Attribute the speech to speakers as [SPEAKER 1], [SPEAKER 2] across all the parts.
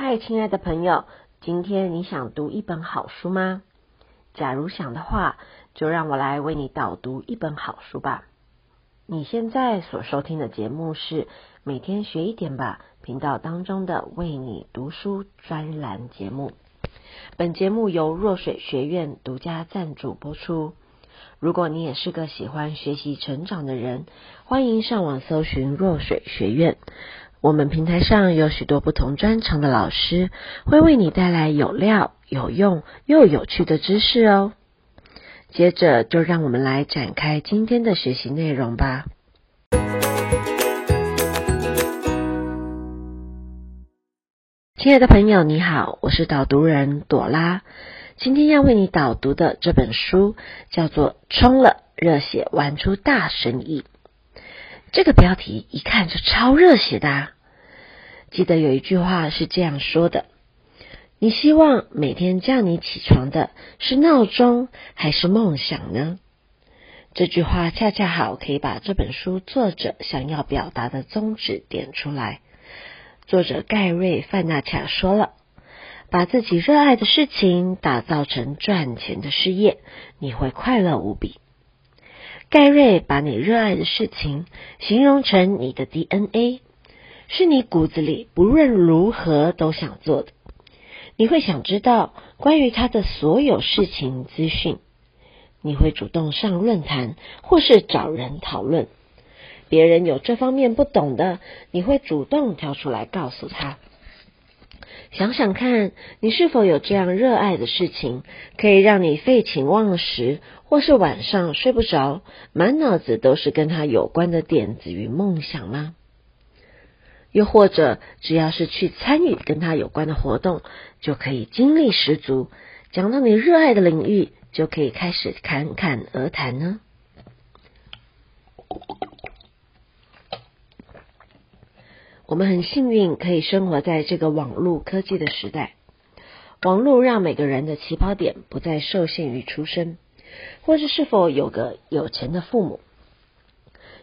[SPEAKER 1] 嗨，親愛的朋友，今天你想讀一本好書嗎？假如想的話，就讓我來為你導讀一本好書吧。你現在所收聽的節目是《每天學一點吧》頻道當中的“為你讀書”專欄節目。本節目由若水學院獨家贊助播出。如果你也是個喜歡學習成長的人，歡迎上網搜尋若水學院。我們平台上有許多不同專長的老師，會為你帶來有料、有用又有趣的知識哦。接着就讓我們來展開今天的學習內容吧。親愛的朋友，你好，我是導讀人朵拉。今天要為你導讀的這本書叫做《衝了，熱血玩出大生意》。這個標題一看就超熱血的啊。記得有一句話是這樣說的：“你希望每天叫你起床的是鬧鐘還是夢想呢？”這句話恰恰好可以把這本書作者想要表達的宗旨點出來。作者蓋瑞·範納洽說了：“把自己熱愛的事情打造成賺錢的事業，你會快樂無比。”蓋瑞把你熱愛的事情形容成你的 DNA，是你骨子裡不論如何都想做的。你會想知道關於他的所有事情資訊，你會主動上論壇或是找人討論。別人有這方面不懂的，你會主動跳出來告訴他。想想看，你是否有這樣熱愛的事情，可以讓你廢寢忘食？或是晚上睡不着，滿腦子都是跟他有關的點子與夢想嗎？又或者，只要是去參與跟他有關的活動，就可以精力十足，講到你熱愛的領域，就可以開始侃侃而談呢？我們很幸運，可以生活在這個網絡科技的時代。網絡讓每個人的起跑點不再受限於出身。或者是否有個有錢的父母？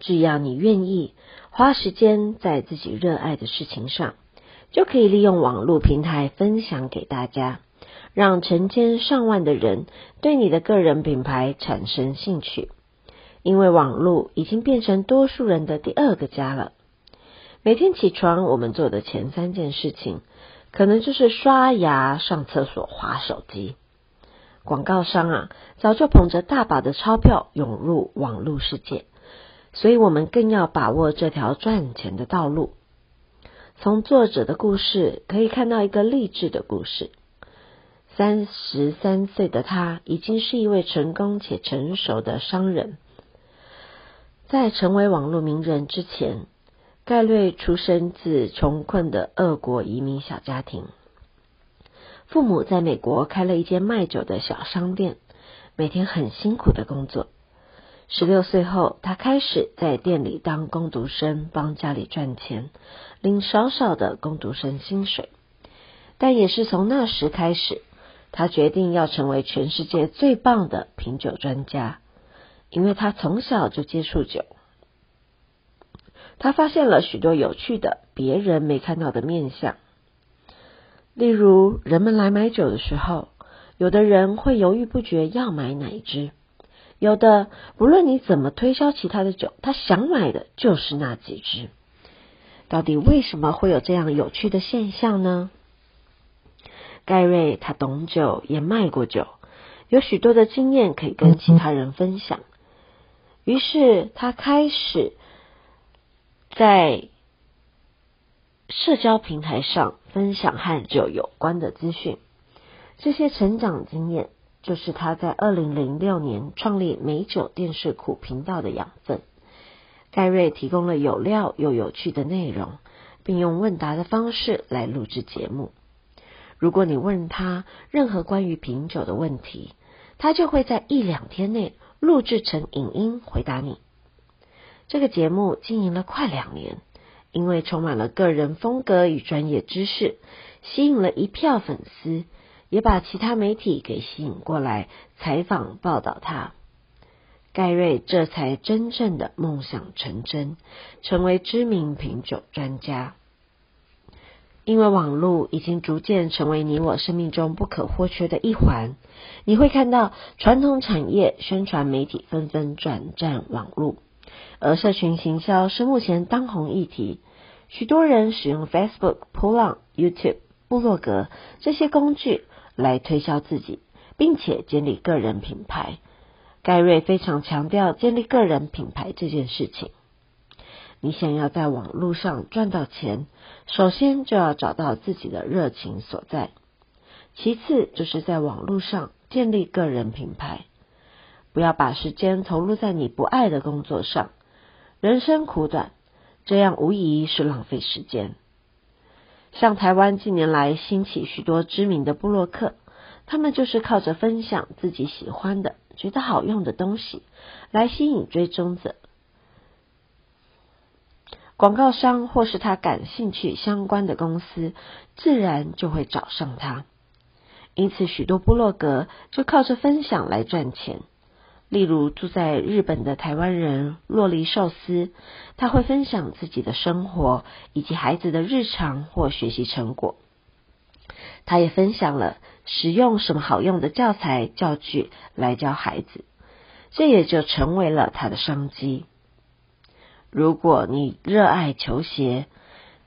[SPEAKER 1] 只要你願意花時間在自己熱愛的事情上，就可以利用網絡平台分享給大家，讓成千上萬的人對你的個人品牌產生興趣。因為網絡已經變成多數人的第二個家了。每天起床，我們做的前三件事情，可能就是刷牙、上廁所、滑手機。廣告商啊，早就捧着大把的鈔票湧入網絡世界，所以我們更要把握這條賺錢的道路。從作者的故事可以看到一個勵志的故事。三十三歲的他已經是一位成功且成熟的商人。在成為網絡名人之前，蓋瑞出生自窮困的俄國移民小家庭。父母在美國開了一間賣酒的小商店，每天很辛苦的工作。十六歲後，他開始在店裡當工讀生，幫家裡賺錢，領少少的工讀生薪水。但也是從那時開始，他決定要成為全世界最棒的品酒專家，因為他從小就接觸酒，他發現了許多有趣的、別人沒看到的面向。例如，人們來買酒的時候，有的人會猶豫不決要買哪一支，有的不論你怎麼推銷其他的酒，他想買的就是那幾支。到底為什麼會有這樣有趣的現象呢？蓋瑞他懂酒，也賣過酒，有許多的經驗可以跟其他人分享。於是他開始在社交平台上分享和酒有關的資訊，這些成長經驗就是他在二零零六年創立美酒電視庫頻道的養分。蓋瑞提供了有料又有趣的內容，並用問答的方式來錄製節目。如果你問他任何關於品酒的問題，他就會在一兩天內錄製成影音回答你。這個節目經營了快兩年。因為充滿了個人風格與專業知識，吸引了一票粉絲，也把其他媒體給吸引過來採訪報道他。蓋瑞這才真正的夢想成真，成為知名品酒專家。因為網絡已經逐漸成為你我生命中不可或缺的一環，你會看到傳統產業宣傳媒體紛紛轉戰網絡。而社群行銷是目前當紅議題，許多人使用 Facebook、噗浪、YouTube、部落格這些工具來推銷自己，並且建立個人品牌。蓋瑞非常強調建立個人品牌這件事情。你想要在網絡上賺到錢，首先就要找到自己的熱情所在，其次就是在網絡上建立個人品牌。不要把時間投入在你不愛的工作上。人生苦短，這樣無疑是浪費時間。像台灣近年來興起許多知名的部落客，他們就是靠着分享自己喜歡的、覺得好用的東西來吸引追蹤者，廣告商或是他感興趣相關的公司，自然就會找上他。因此，許多部落格就靠着分享來賺錢。例如住在日本的台灣人洛麗壽司，他會分享自己的生活以及孩子的日常或學習成果。他也分享了使用什麼好用的教材教具來教孩子，這也就成為了他的商機。如果你熱愛球鞋，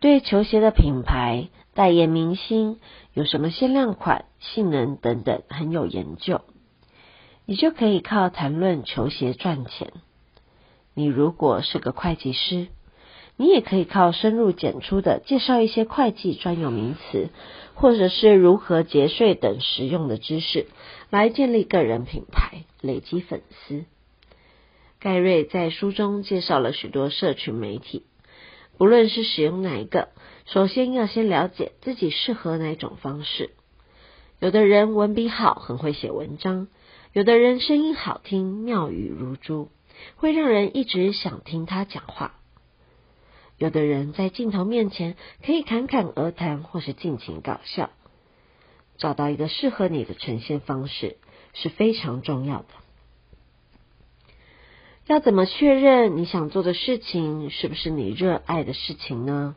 [SPEAKER 1] 對球鞋的品牌、代言明星、有什麼限量款、性能等等很有研究。你就可以靠談論球鞋賺錢。你如果是個會計師，你也可以靠深入淺出的介紹一些會計專有名詞，或者是如何節稅等實用的知識，來建立個人品牌，累積粉絲。蓋瑞在書中介紹了許多社群媒體，不論是使用哪一個，首先要先了解自己適合哪種方式。有的人文筆好，很會寫文章；有的人聲音好聽，妙語如珠，會讓人一直想聽他講話。有的人，在鏡頭面前可以侃侃而談，或是盡情搞笑。找到一個適合你的呈現方式是非常重要的。要怎麼確認你想做的事情是不是你熱愛的事情呢？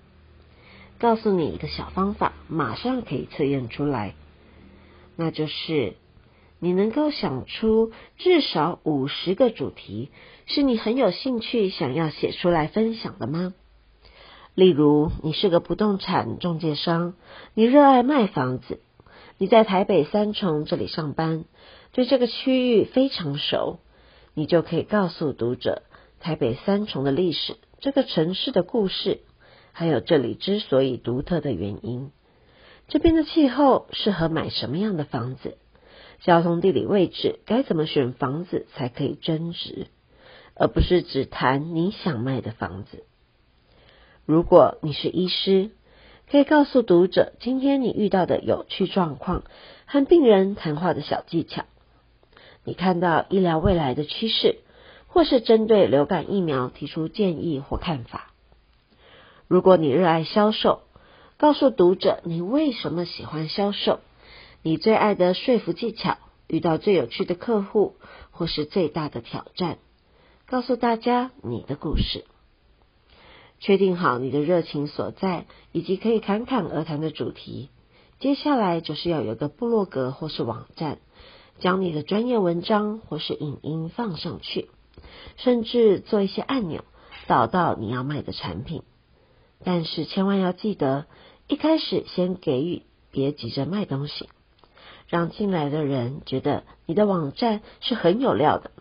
[SPEAKER 1] 告訴你一個小方法，馬上可以測驗出來。那就是你能夠想出至少五十個主題，是你很有興趣想要寫出來分享的嗎？例如，你是個不動產仲介商，你熱愛賣房子，你在台北三重這裡上班，對這個區域非常熟，你就可以告訴讀者台北三重的歷史，這個城市的故事，還有這裡之所以獨特的原因。這邊的氣候適合買什麼樣的房子？交通地理位置該怎麼選房子才可以增值？而不是只談你想賣的房子。如果你是醫師，可以告訴讀者今天你遇到的有趣狀況，和病人談話的小技巧。你看到醫療未來的趨勢，或是針對流感疫苗提出建議或看法。如果你熱愛銷售，告訴讀者你為什麼喜歡銷售，你最愛的說服技巧，遇到最有趣的客戶或是最大的挑戰，告訴大家你的故事。確定好你的熱情所在以及可以侃侃而談的主題，接下來就是要有個部落格或是網站，將你的專業文章或是影音放上去，甚至做一些按鈕導到你要賣的產品，但是千萬要記得。一開始先給予，別急着賣東西，讓進來的人覺得你的網站是很有料的。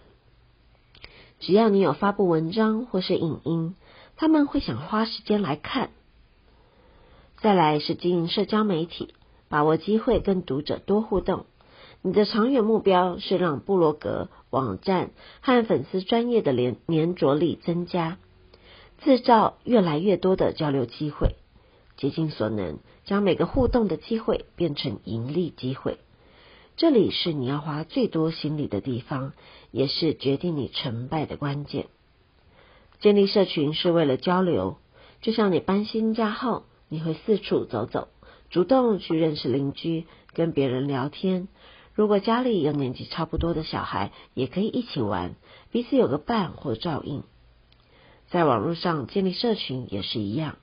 [SPEAKER 1] 只要你有發布文章或是影音，他們會想花時間來看。再來是經營社交媒體，把握機會跟讀者多互動。你的長遠目標是讓部落格網站和粉絲專頁的連粘着力增加，制造越來越多的交流機會。竭盡所能，將每個互動的機會變成盈利機會。這裡是你要花最多心力的地方，也是決定你成敗的關鍵。建立社群是為了交流，就像你搬新家後，你會四處走走，主動去認識鄰居，跟別人聊天。如果家裡有年紀差不多的小孩，也可以一起玩，彼此有個伴或照應。在網絡上建立社群也是一樣。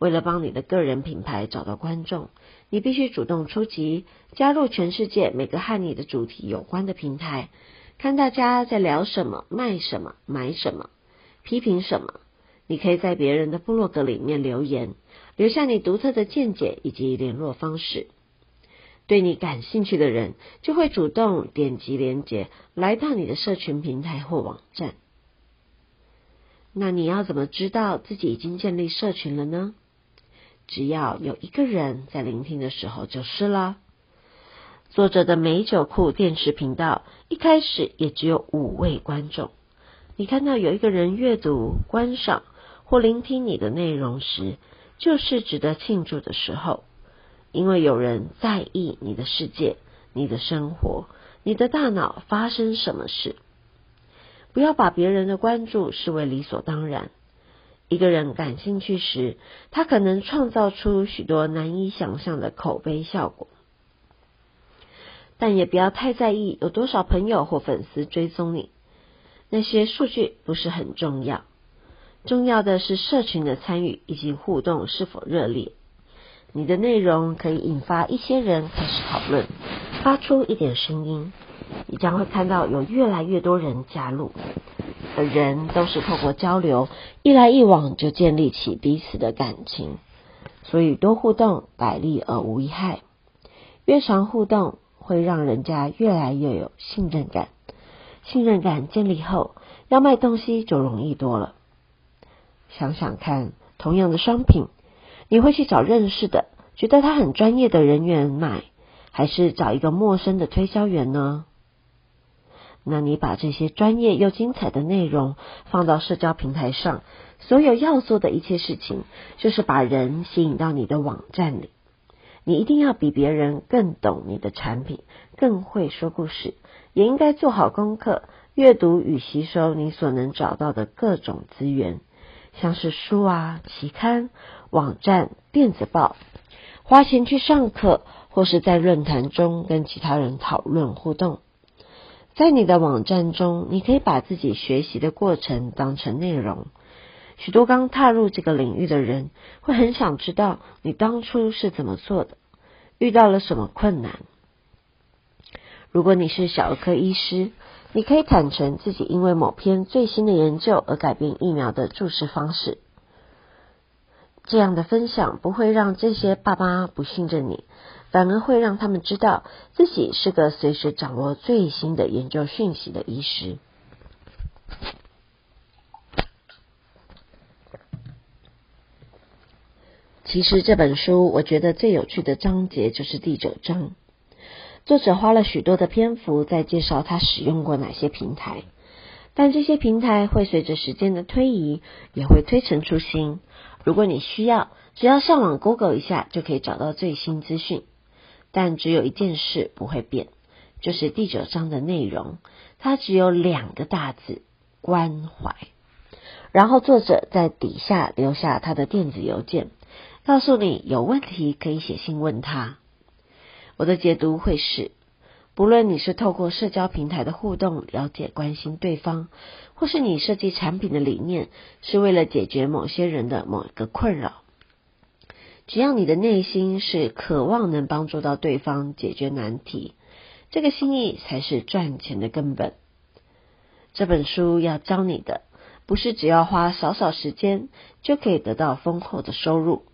[SPEAKER 1] 為了幫你的個人品牌找到觀眾，你必須主動出擊，加入全世界每個和你的主題有關的平台，看大家在聊什麼、賣什麼、買什麼、批評什麼。你可以在別人的部落格裡面留言，留下你獨特的見解以及聯絡方式。對你感興趣的人就會主動點擊連結，來到你的社群平台或網站。那你要怎麼知道自己已經建立社群了呢？只要有一個人在聆聽的時候，就是了。作者的美酒庫電視頻道一開始也只有五位觀眾。你看到有一個人閱讀、觀賞或聆聽你的內容時，就是值得慶祝的時候，因為有人在意你的世界、你的生活、你的大腦發生什麼事。不要把別人的關注視為理所當然。一個人感興趣時，他可能創造出許多難以想象的口碑效果。但也不要太在意有多少朋友或粉絲追蹤你，那些數據不是很重要。重要的是社群的參與以及互動是否熱烈。你的內容可以引發一些人開始討論，發出一點聲音，你將會看到有越來越多人加入。的人都是透過交流，一來一往就建立起彼此的感情，所以多互動百利而無一害。越常互動，會讓人家越來越有信任感。信任感建立後，要賣東西就容易多了。想想看，同樣的商品，你會去找認識的、覺得他很專業的人員買，還是找一個陌生的推銷員呢？那你把這些專業又精彩的內容放到社交平台上，所有要做的一切事情，就是把人吸引到你的網站裡。你一定要比別人更懂你的產品，更會說故事，也應該做好功課，閱讀與吸收你所能找到的各種資源，像是書啊、期刊、網站、電子報，花錢去上課，或是在論壇中跟其他人討論互動。在你的網站中，你可以把自己學習的過程當成內容。許多剛踏入這個領域的人會很想知道你當初是怎麼做的，遇到了什麼困難。如果你是小兒科醫師，你可以坦誠自己因為某篇最新的研究而改變疫苗的注射方式。這樣的分享不會讓這些爸媽不信任你。反而會讓他們知道自己是個隨時掌握最新的研究訊息的醫師。其實這本書我覺得最有趣的章節就是第九章，作者花了許多的篇幅在介紹他使用過哪些平台，但這些平台會隨着時間的推移也會推陳出新。如果你需要，只要上網 Google 一下就可以找到最新資訊。但只有一件事不會變，就是第九章的內容，它只有兩個大字“關懷”。然後作者在底下留下他的電子郵件，告訴你有問題可以寫信問他。我的解讀會是，不論你是透過社交平台的互動了解關心對方，或是你設計產品的理念，是為了解決某些人的某一個困擾。只要你的內心是渴望能幫助到對方解決難題，這個心意才是賺錢的根本。這本書要教你的，不是只要花少少時間就可以得到豐厚的收入，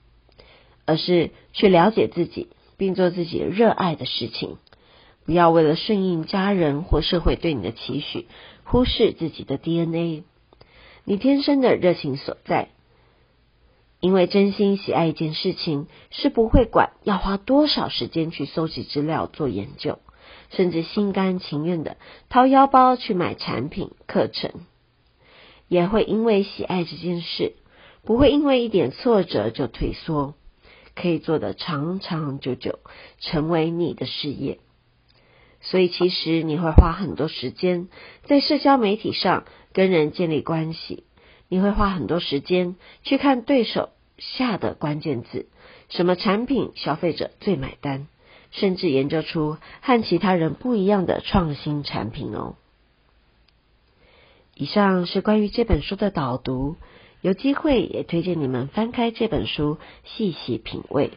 [SPEAKER 1] 而是去了解自己，並做自己熱愛的事情。不要為了順應家人或社會對你的期許，忽視自己的 DNA，你天生的熱情所在。因為真心喜愛一件事情，是不會管要花多少時間去蒐集資料做研究，甚至心甘情願地掏腰包去買產品課程，也會因為喜愛這件事，不會因為一點挫折就退縮，可以做得長長久久，成為你的事業。所以，其實你會花很多時間在社交媒體上跟人建立關係。你會花很多時間去看對手下的關鍵字，什麼產品消費者最買單，甚至研究出和其他人不一樣的創新產品哦。以上是關於這本書的導讀，有機會也推薦你們翻開這本書，細細品味，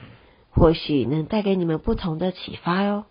[SPEAKER 1] 或許能帶給你們不同的啟發哦。